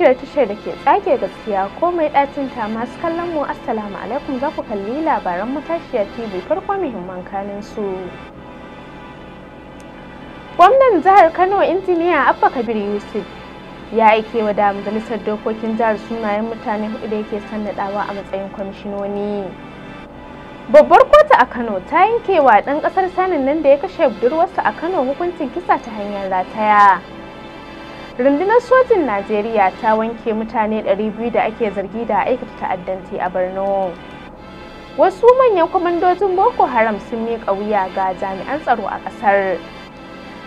tashar tashar da ke tsage gaskiya ko mai ɗacinta masu kallon mu assalamu alaikum za ku kalli labaran matashiya tv farko muhimman kanin su gwamnan jihar kano injiniya abba kabir yusuf ya aike wa da majalisar dokokin jihar sunayen mutane hudu da yake sannadawa a matsayin kwamishinoni babbar kotu a kano ta yankewa ɗan ƙasar sanin nan da ya kashe budurwarsa a kano hukuncin kisa ta hanyar rataya rundunar sojin najeriya ta wanke mutane 200 da ake zargi da aikata ta'addanci a borno wasu manyan kwamandojin boko haram sun miƙa wuya ga jami'an tsaro a ƙasar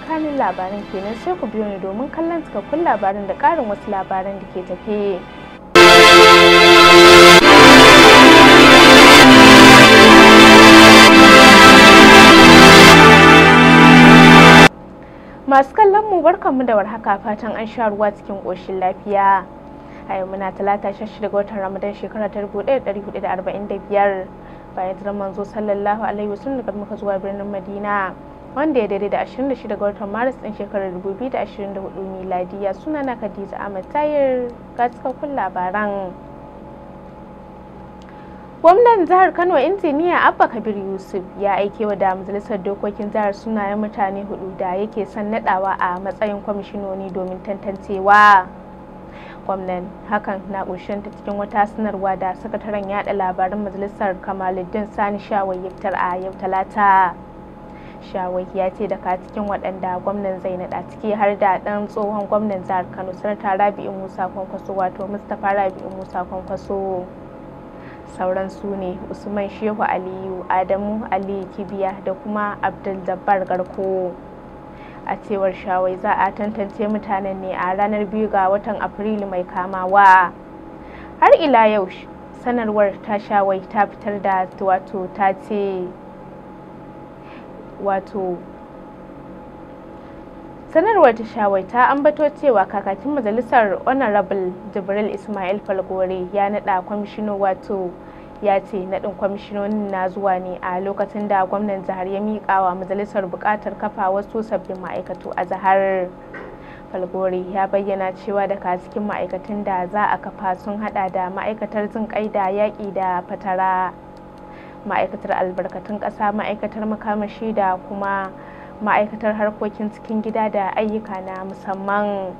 kanin labarin kenan sai ku biyo ni domin kallon cikakkun labarin da ƙarin wasu labaran da ke tafe Masu kallon mu barkanmu da warhaka fatan an sha ruwa cikin ƙoshin lafiya. A yau muna talata 16 ga watan Ramadan shekara shekarar 1445 bayan jiran manzo sallallahu alaihi wasallam daga muka zuwa birnin Madina. Wanda ya daidai da 26 ga watan Maris ɗin shekarar 2024 miladiya suna na Khadija Ahmad Tayir ga cikakkun labaran. gwamnan jihar kano injiniya abba kabir yusuf ya aike wa da majalisar dokokin jihar sunayen mutane hudu da yake son nadawa a matsayin kwamishinoni domin tantancewa gwamnan hakan na ƙunshin ta cikin wata sanarwa da sakataren yada labaran majalisar kamaluddin sani shawai yaftar a yau talata shawai ya ce daga cikin waɗanda gwamnan zai naɗa ciki har da ɗan tsohon gwamnan jihar kano sanata rabi'u musa kwankwaso wato mustapha rabi'u musa kwankwaso sauran su ne usman shehu aliyu adamu aliyu kibiya da kuma abdul dabbar a cewar shawai za a tantance mutanen ne a ranar biyu ga watan afrilu mai kamawa har ila yau sanarwar ta shawai ta fitar da wato ta ce wato sanarwar ta shawaita ta ambato cewa kakakin majalisar honorable jibril ismail falgore ya nada kwamishino wato ya ce naɗin kwamishinonin na zuwa ne a lokacin da gwamnan jihar ya miƙa majalisar buƙatar kafa wasu sabbin ma'aikatu a jihar falgore ya bayyana cewa daga cikin ma'aikatan da za a kafa sun hada da ma'aikatar jin kai da yaƙi da fatara ma'aikatar albarkatun ƙasa ma'aikatar makamashi da kuma ma'aikatar harkokin cikin gida da ayyuka na musamman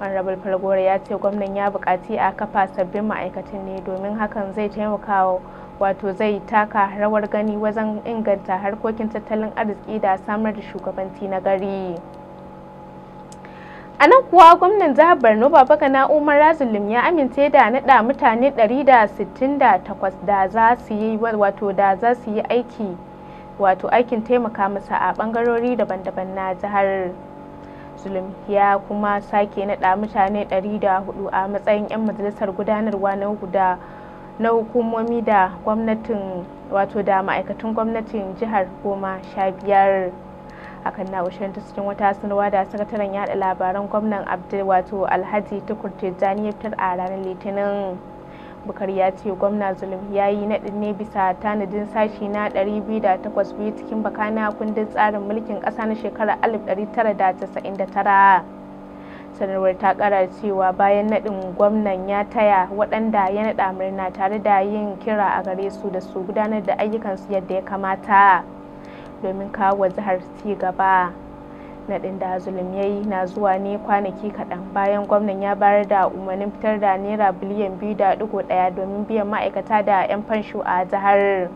honorable falgore ya ce gwamnan ya bukaci a kafa sabbin ma'aikatan ne domin hakan zai taimaka wato zai taka rawar gani wajen inganta harkokin tattalin arziki da samar da shugabanci na gari a nan kuwa gwamnan jihar borno babagana umar razulim ya amince da naɗa mutane 168 da za su yi aiki wato aikin taimaka masa a bangarori daban-daban na jihar zulum ya kuma sake naɗa mutane 104 a matsayin 'yan majalisar gudanarwa na guda na hukumomi da gwamnatin wato da ma'aikatan gwamnatin jihar goma sha biyar a kan na ushirin ta cikin wata sanarwa da sakataren yada labaran gwamnan abdul wato alhaji tukur tijjani ya fitar a ranar litinin bukar ya ce gwamna zulum ya yi naɗin ne bisa tanadin sashi na 208 cikin bakana kundin tsarin mulkin ƙasa na shekarar 1999 sanarwar ta kara cewa bayan naɗin gwamnan ya taya waɗanda ya naɗa murna tare da yin kira a gare su da su gudanar da ayyukansu yadda ya kamata domin kawo jihar ci gaba. naɗin da zulum ya yi na zuwa ne kwanaki kaɗan bayan gwamnan ya bayar da umarnin fitar da naira biliyan biyu da ɗigo ɗaya domin biyan ma'aikata da 'yan fansho a jihar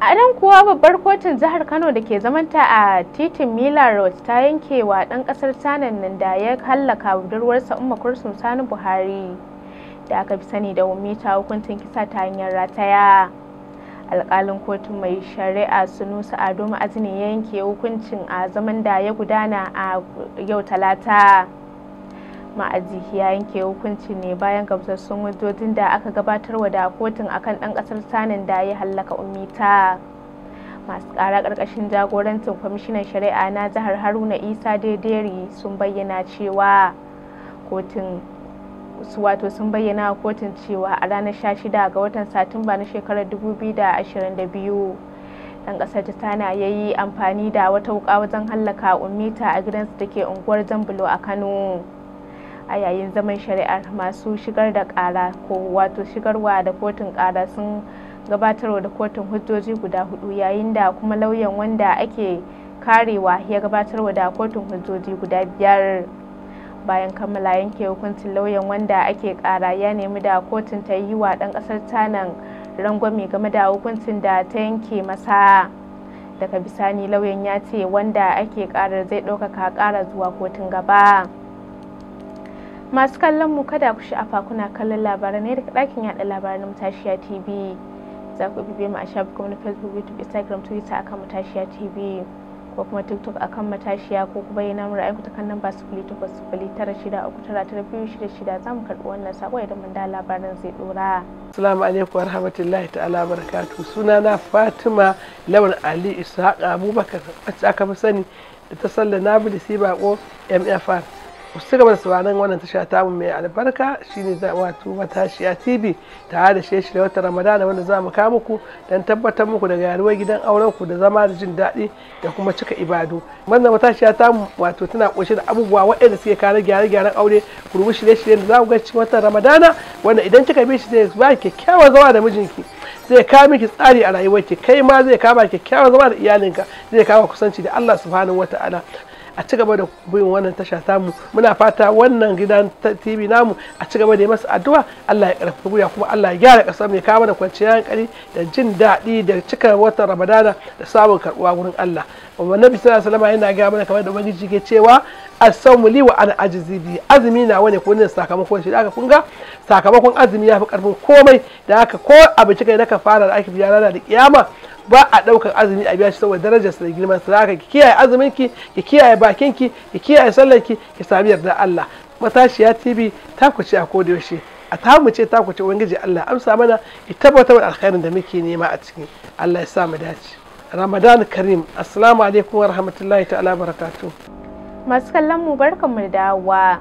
a nan kuwa babbar kotun jihar kano da ke zamanta a titin mila road ta yanke wa ɗan ƙasar sanan nan da ya hallaka budurwarsa umma kursun sani buhari da aka fi sani da wumi ta hukuncin kisa ta hanyar rataya alƙalin kotun mai shari'a sunusa ado ma'azini yanke hukuncin a zaman da ya gudana a yau talata ma'aji ya yanke hukunci ne bayan gamsassun hujjojin da aka gabatarwa da kotun akan ɗan ƙasar sanin da ya hallaka umita masu ƙara ƙarƙashin jagorancin kwamishinan shari'a na jihar haruna isa daidairi sun bayyana cewa kotun wato sun bayyana a kotun cewa a ranar 16 ga watan satumba na shekarar 2022 ɗan ƙasar titana ya yi amfani da wata wuƙa wajen hallaka umita a gidansu da ke unguwar zambulo a kano a yayin zaman shari'ar masu shigar da ƙara ko wato shigarwa da kotun ƙara sun gabatarwa da kotun hujjoji guda hudu yayin da kuma lauyan wanda ake karewa ya gabatarwa da kotun hujjoji guda biyar bayan kammala yanke hukuncin lauyan wanda ake kara ya nemi da kotun ta yi wa ɗan kasar tanan rangwame game da hukuncin da ta yanke masa daga bisani lauyan ya ce wanda ake karar zai ɗaukaka kara zuwa kotun gaba masu kallon mu kada ku sha'afa kuna kallon labarai ne daga ɗakin yaɗa labarai na matashiya tv za ku bibiye mu a shafukan na facebook youtube instagram twitter akan matashiya tv ko kuma tiktok akan matashiya ko kuma yi namura aiku ta nan ba sifili takwas sifili tara shida uku tara tara biyu shida shida za mu karɓi wannan sako idan mun da labarin zai dora asalamu alaikum warahmatullahi ta'ala barakatu suna na Fatima Lawan Ali isa Abubakar a aka fi sani da ta salla na bi da bako MFR. ku ci gaba da wannan tasha ta mu mai albarka shine wato matashiya tv tare da shirye wata ramadana wanda za mu kawo muku don tabbatar muku daga yaruwar gidan auren ku da zama da jin daɗi da kuma cika ibadu wannan matashiya ta mu wato tana ƙunshe da abubuwa waɗanda suke kare gyare-gyaren aure ku shirye-shiryen da za ku ga cikin ramadana wanda idan kika bi shi zai ba kyakkyawar zama da mijinki zai kawo miki tsari a rayuwarki kai ma zai kama kyakkyawar zama da iyalinka zai kama kusanci da Allah subhanahu wata'ala a ci gaba da bin wannan tasha tamu muna fata wannan gidan tv namu a ci gaba da masa addu'a Allah ya karfafa guya kuma Allah ya gyara kasar mai kama da kwanciyar hankali da jin daɗi da cika watan ramadana da samun karɓuwa wurin Allah wa nabi sallallahu alaihi wasallam yana ga mana kamar da ubangiji ke cewa as-sawmu li wa ana ajzi bi azumi na wani ko ne sakamakon shi da kun ga sakamakon azumi ya fi karfin komai da haka ko abinci kika yi ka fara da ake biya rana da kiyama ba a ɗaukar azumi a biya shi saboda darajarsa da girman sa haka ki kiyaye azumin ki ki kiyaye bakin ki ki kiyaye sallar ki ki sami yarda Allah matashiya TV ta ce a ko yaushe a ta mu ce ta ce ubangiji Allah amsa mana ya tabbatar da alkhairin da muke nema a ciki Allah ya sa mu dace Ramadan Karim assalamu alaikum wa rahmatullahi ta'ala barakatuh masu kallon mu barkamu da dawowa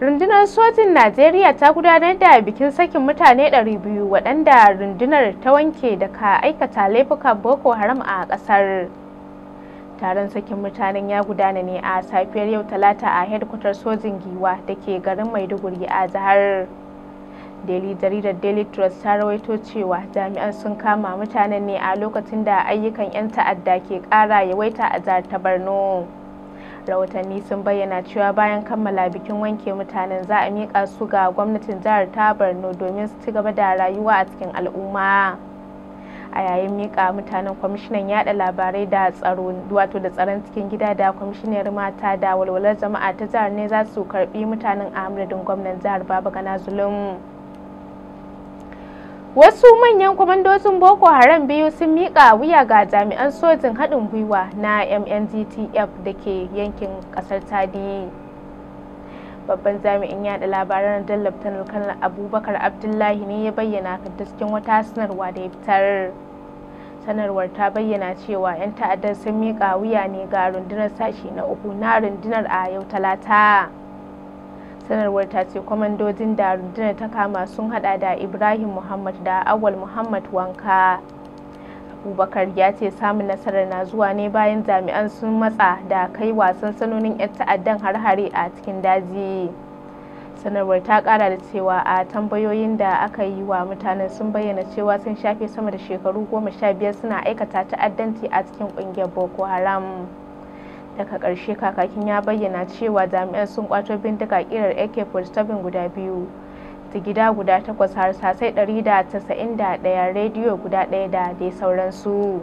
rundunar sojin najeriya ta gudanar da bikin sakin mutane 200 waɗanda rundunar ta wanke da daga aikata laifuka boko haram a ƙasar taron sakin mutanen ya gudana ne a safiyar yau talata a hedkwatar sojin giwa da ke garin maiduguri a jihar daily jaridar daily trust ta rawaito cewa jami'an sun kama mutanen ne a lokacin da ayyukan 'yan ta'adda ke ƙara yawaita a jihar borno watanni sun bayyana cewa bayan kammala bikin wanke mutanen za a miƙa su ga gwamnatin jihar ta borno domin su ci gaba da rayuwa a cikin al'umma a yayin miƙa mutanen kwamishinan yada labarai da tsaro wato da tsaron cikin gida da kwamishinan mata da walwalar jama'a ta jihar ne za su karbi mutanen a gwamnan jihar baba gana zulum Wasu manyan kwamandocin Boko Haram biyu sun miƙa wuya ga jami'an sojin haɗin gwiwa na MNDTF da ke yankin ƙasar Tadi. Babban jami'in yaɗa labaran da Laftanar Kanal Abubakar Abdullahi ne ya bayyana kan cikin wata sanarwa da ya fitar. Sanarwar ta bayyana cewa 'yan ta'addar sun miƙa wuya ne ga rundunar sashi na uku na rundunar a yau talata. sanarwar ta ce kwamandojin da rundunar ta kama sun hada da ibrahim muhammad da awal muhammad wanka abubakar ya ce samun nasarar na zuwa ne bayan jami'an sun matsa da kai wasan sanonin 'yan ta'addan har-hare a cikin daji sanarwar ta kara da cewa a tambayoyin da aka yi wa mutanen sun bayyana cewa sun shafe sama da shekaru goma sha biyar suna aikata ta'addanci a cikin kungiyar boko haram daga ƙarshe kakakin ya bayyana cewa jami'an sun kwato bindiga kirar ak-47 guda biyu ta gida guda takwas har sasai 191 rediyo guda ɗaya da dai sauransu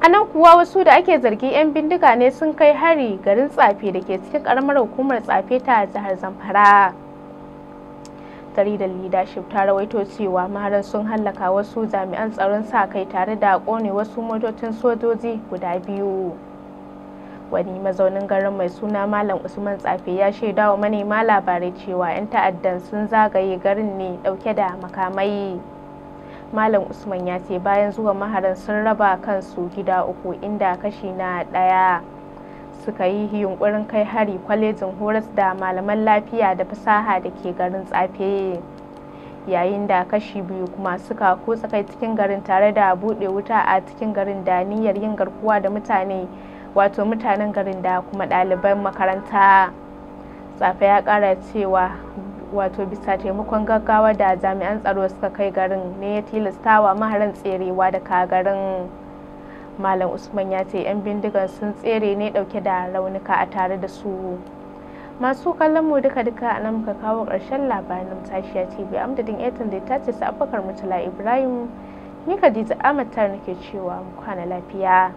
a nan kuwa wasu da ake zargi 'yan bindiga ne sun kai hari garin tsafe da ke cikin karamar hukumar tsafe ta jihar zamfara tari da leadership ta rawaito cewa maharan sun hallaka wasu jami'an tsaron sa kai tare da kone wasu motocin sojoji guda biyu wani mazaunin garin mai suna malam usman tsafe ya shaida wa manema labarai cewa 'yan ta'addan sun zagaye garin ne dauke da makamai malam usman ya ce bayan zuwa maharan sun raba kansu gida uku inda kashi na daya suka yi yunkurin kai hari kwalejin horas da malaman lafiya da fasaha da ke garin tsafe yayin da kashi biyu kuma suka kotsa kai cikin garin tare da buɗe wuta a cikin garin da niyyar yin garkuwa da mutane wato mutanen garin da kuma ɗaliban makaranta tsafa ya ƙara cewa wato bisa taimakon gaggawa da jami'an tsaro suka kai garin ne ya tilastawa maharan tserewa daga garin malam usman ya ce 'yan bindigan sun tsere ne dauke da raunuka a tare da su masu kallon mu duka duka a nan muka kawo ƙarshen labarin tashiya tv amdadin etan da ta ce abubakar mutala ibrahim ni khadija amatar nake cewa mu kwana lafiya